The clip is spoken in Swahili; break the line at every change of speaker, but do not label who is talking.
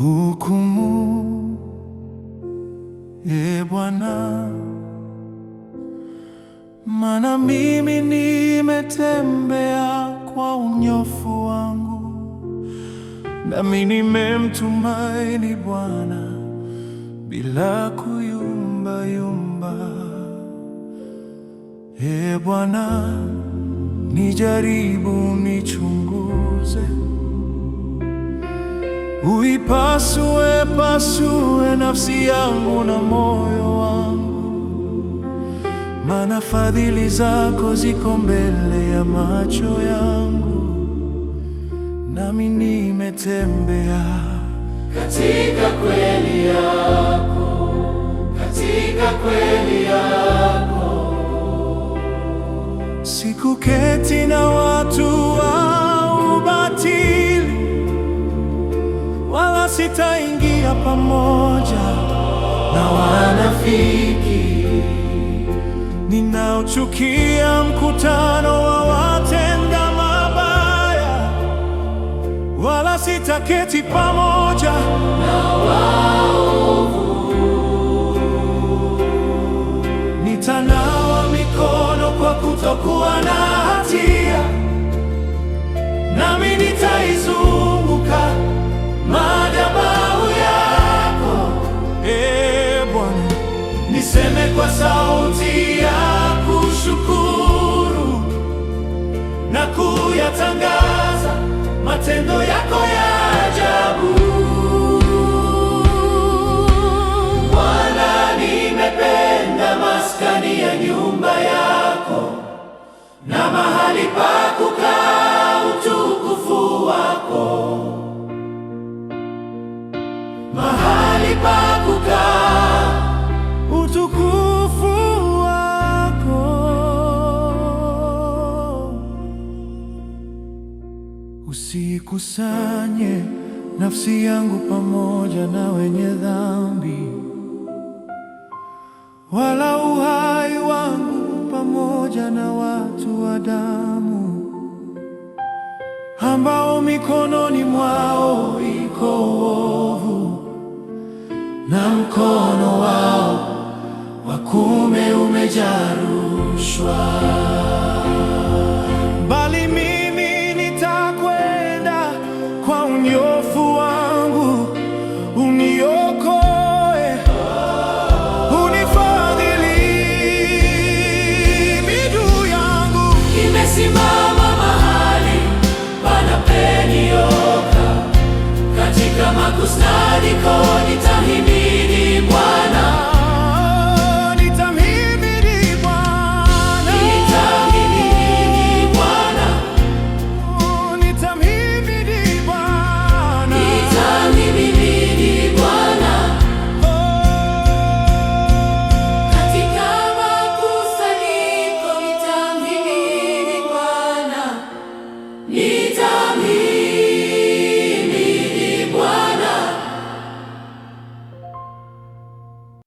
Hukumu, e Bwana, maana mimi nimetembea kwa unyofu wangu, nami nimemtumaini Bwana bila kuyumba yumba. E Bwana, nijaribu, nichunguze Uipasue pasue nafsi yangu na moyo wangu, maana fadhili zako ziko mbele ya macho yangu, nami nimetembea
katika kweli yako, katika kweli yako,
sikuketi na watu sitaingia pamoja
na wanafiki.
ninaochukia mkutano wa watenda mabaya, wala sitaketi pamoja
na waovu.
Useme kwa sauti ya kushukuru na kuyatangaza matendo yako ya ajabu.
Bwana, nimependa maskani ya nyumba yako na mahali pa kukaa utukufu wako mahali
Usikusanye nafsi yangu pamoja na wenye dhambi, wala uhai wangu pamoja na watu wa damu, ambao mikononi mwao iko uovu na mkono wao wa kuume umejarushwa. your one.